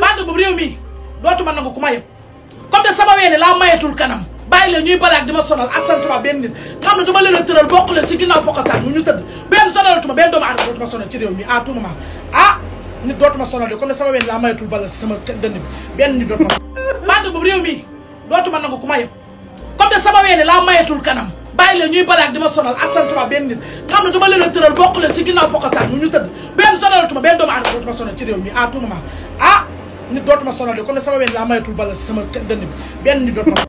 fàtte boobu réew mi dootuma nangu ku ma yëpp comme de sama weene laa mayetul kanam bàyyi leen ñuy balaak di ma sonal ak santuma benn nit xam ne dama leen a leen ci ginnaaw bokkataan ñu ñu tëdd benn sonalatuma benn doomu aadama dootuma sonal ci réew mi à tout moment ah nit dootuma sonal de comme de sama weene laa mayetul bala si sama dënn bi benn nit dootuma fàtte boobu réew mi dootuma ku ma yëpp comme de sama weene laa mayetul kanam bàyyi leen ñuy balaak di ma sonal ak santuma benn nit xam ne dama leen a tëral bokk leen ci ginnaaw bokkataan ñu ñu tëdd benn sonalatuma benn mi à nit dootuma sonal de comme ne sama wenn laa mayatul bala sama dënn bi benn nit dootuma